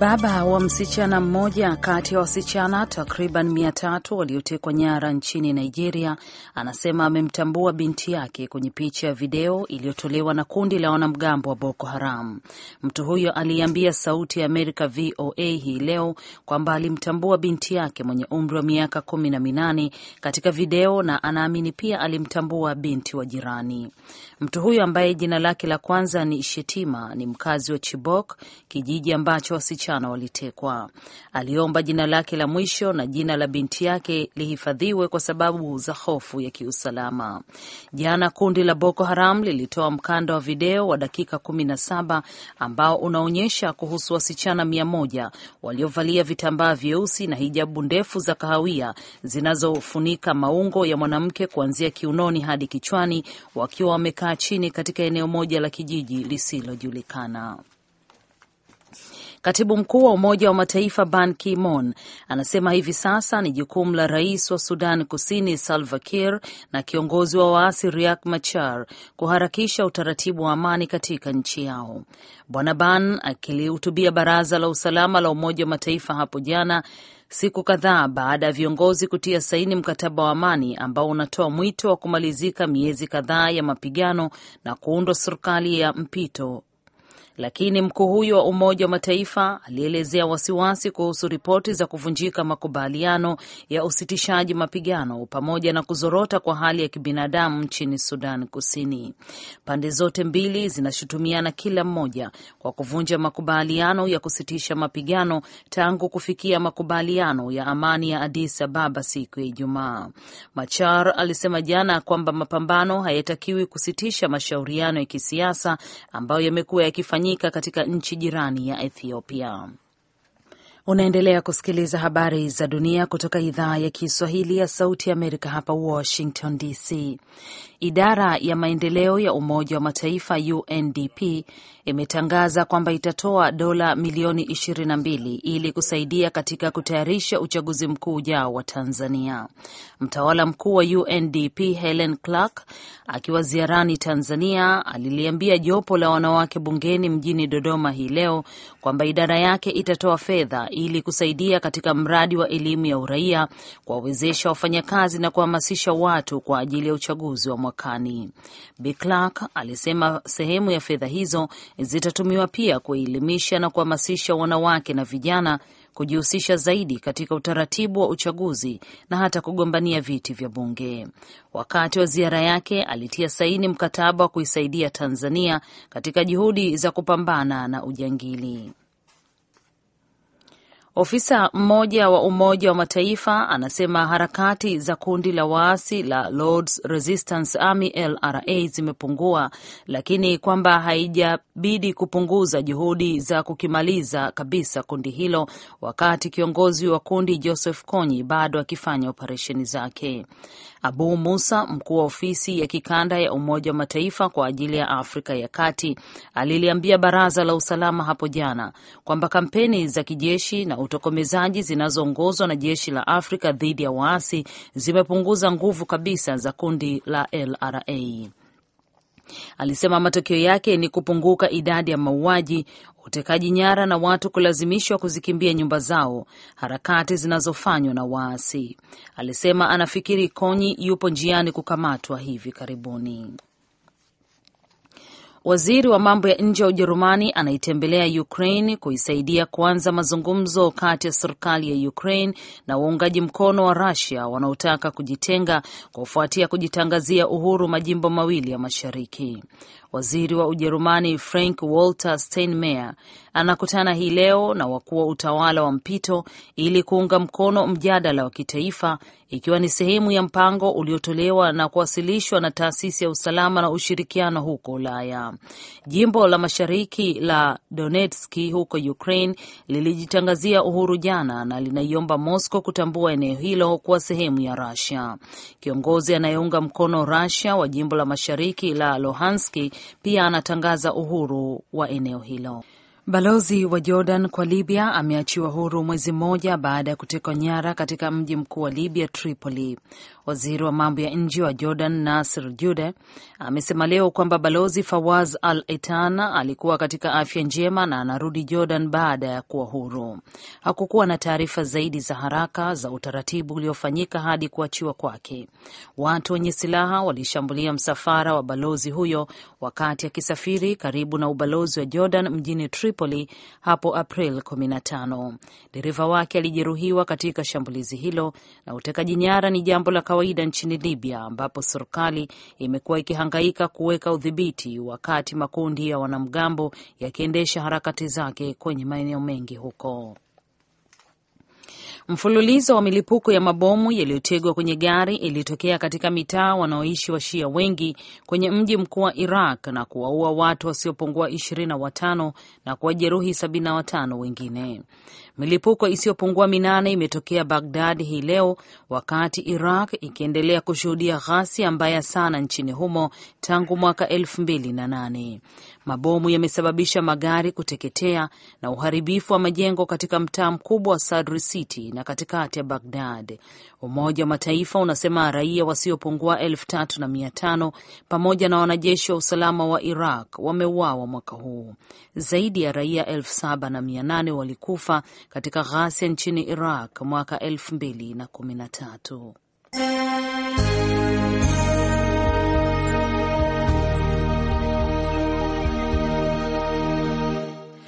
Baba wa msichana mmoja kati ya wasichana takriban mia tatu waliotekwa nyara nchini Nigeria anasema amemtambua binti yake kwenye picha ya video iliyotolewa na kundi la wanamgambo wa Boko Haram. Mtu huyo aliambia Sauti ya Amerika VOA hii leo kwamba alimtambua binti yake mwenye umri wa miaka kumi na minane katika video na anaamini pia alimtambua binti wa jirani. Mtu huyo ambaye jina lake la kwanza ni Shetima ni mkazi wa Chibok, kijiji ambacho wasichana wasichana walitekwa. Aliomba jina lake la mwisho na jina la binti yake lihifadhiwe kwa sababu za hofu ya kiusalama. Jana kundi la Boko Haram lilitoa mkanda wa video wa dakika 17 ambao unaonyesha kuhusu wasichana mia moja waliovalia vitambaa vyeusi na hijabu ndefu za kahawia zinazofunika maungo ya mwanamke kuanzia kiunoni hadi kichwani wakiwa wamekaa chini katika eneo moja la kijiji lisilojulikana. Katibu mkuu wa Umoja wa Mataifa Ban Ki-moon anasema hivi sasa ni jukumu la rais wa Sudan Kusini Salva Kiir na kiongozi wa waasi riak Machar kuharakisha utaratibu wa amani katika nchi yao. Bwana Ban akilihutubia Baraza la Usalama la Umoja wa Mataifa hapo jana siku kadhaa baada ya viongozi kutia saini mkataba wa amani ambao unatoa mwito wa kumalizika miezi kadhaa ya mapigano na kuundwa serikali ya mpito lakini mkuu huyo wa Umoja wa Mataifa alielezea wasiwasi kuhusu ripoti za kuvunjika makubaliano ya usitishaji mapigano pamoja na kuzorota kwa hali ya kibinadamu nchini Sudan Kusini. Pande zote mbili zinashutumiana kila mmoja kwa kuvunja makubaliano ya kusitisha mapigano tangu kufikia makubaliano ya amani ya Addis Ababa siku ya Ijumaa. Machar alisema jana kwamba mapambano hayatakiwi kusitisha mashauriano ya kisiasa ambayo yamekuwa yakifanya kufanyika katika nchi jirani ya Ethiopia. Unaendelea kusikiliza habari za dunia kutoka idhaa ya Kiswahili ya Sauti ya Amerika hapa Washington DC. Idara ya maendeleo ya Umoja wa Mataifa UNDP imetangaza kwamba itatoa dola milioni 22 ili kusaidia katika kutayarisha uchaguzi mkuu ujao wa Tanzania. Mtawala mkuu wa UNDP Helen Clark akiwa ziarani Tanzania aliliambia jopo la wanawake bungeni mjini Dodoma hii leo kwamba idara yake itatoa fedha ili kusaidia katika mradi wa elimu ya uraia, kuwawezesha wafanyakazi na kuhamasisha watu kwa ajili ya uchaguzi wa mwakani. Bi Clark alisema sehemu ya fedha hizo zitatumiwa pia kuelimisha na kuhamasisha wanawake na vijana kujihusisha zaidi katika utaratibu wa uchaguzi na hata kugombania viti vya bunge. Wakati wa ziara yake alitia saini mkataba wa kuisaidia Tanzania katika juhudi za kupambana na ujangili. Ofisa mmoja wa Umoja wa Mataifa anasema harakati za kundi la waasi la Lords Resistance Army LRA zimepungua, lakini kwamba haijabidi kupunguza juhudi za kukimaliza kabisa kundi hilo, wakati kiongozi wa kundi Joseph Kony bado akifanya operesheni zake. Abu Musa, mkuu wa ofisi ya kikanda ya Umoja wa Mataifa kwa ajili ya Afrika ya Kati, aliliambia Baraza la Usalama hapo jana kwamba kampeni za kijeshi na utokomezaji zinazoongozwa na jeshi la Afrika dhidi ya waasi zimepunguza nguvu kabisa za kundi la LRA. Alisema matokeo yake ni kupunguka idadi ya mauaji, utekaji nyara na watu kulazimishwa kuzikimbia nyumba zao, harakati zinazofanywa na waasi. Alisema anafikiri Konyi yupo njiani kukamatwa hivi karibuni. Waziri wa mambo ya nje wa Ujerumani anaitembelea Ukraine kuisaidia kuanza mazungumzo kati ya serikali ya Ukraine na waungaji mkono wa Russia wanaotaka kujitenga kufuatia kujitangazia uhuru majimbo mawili ya mashariki. Waziri wa Ujerumani Frank Walter Steinmeier anakutana hii leo na wakuu wa utawala wa mpito ili kuunga mkono mjadala wa kitaifa, ikiwa ni sehemu ya mpango uliotolewa na kuwasilishwa na taasisi ya usalama na ushirikiano huko Ulaya. Jimbo la mashariki la Donetski huko Ukraine lilijitangazia uhuru jana na linaiomba Moscow kutambua eneo hilo kuwa sehemu ya rasia Kiongozi anayeunga mkono Russia wa jimbo la mashariki la Luhanski pia anatangaza uhuru wa eneo hilo. Balozi wa Jordan kwa Libya ameachiwa huru mwezi mmoja baada ya kutekwa nyara katika mji mkuu wa Libya, Tripoli. Waziri wa mambo ya nje wa Jordan, Nasir Jude, amesema leo kwamba balozi Fawaz Al Etan alikuwa katika afya njema na anarudi Jordan baada ya kuwa huru. Hakukuwa na taarifa zaidi za haraka za utaratibu uliofanyika hadi kuachiwa kwake. Watu wenye silaha walishambulia msafara wa balozi huyo wakati akisafiri karibu na ubalozi wa Jordan mjini Tripoli Tripoli hapo April 15. Dereva wake alijeruhiwa katika shambulizi hilo. Na utekaji nyara ni jambo la kawaida nchini Libya, ambapo serikali imekuwa ikihangaika kuweka udhibiti, wakati makundi ya wanamgambo yakiendesha harakati zake kwenye maeneo mengi huko. Mfululizo wa milipuko ya mabomu yaliyotegwa kwenye gari ilitokea katika mitaa wanaoishi washia wengi kwenye mji mkuu wa Iraq na kuwaua watu wasiopungua ishirini na watano na kuwajeruhi sabini na watano wengine. Milipuko isiyopungua minane imetokea Bagdad hii leo wakati Iraq ikiendelea kushuhudia ghasia mbaya sana nchini humo tangu mwaka elfu mbili na nane. Mabomu yamesababisha magari kuteketea na uharibifu wa majengo katika mtaa mkubwa wa Sadri City na katikati ya Bagdad. Umoja wa Mataifa unasema raia wasiopungua elfu tatu na mia tano pamoja na wanajeshi wa usalama wa Iraq wameuawa mwaka huu. Zaidi ya raia elfu saba na mia nane walikufa katika ghasia nchini Iraq mwaka elfu mbili na kumi na tatu.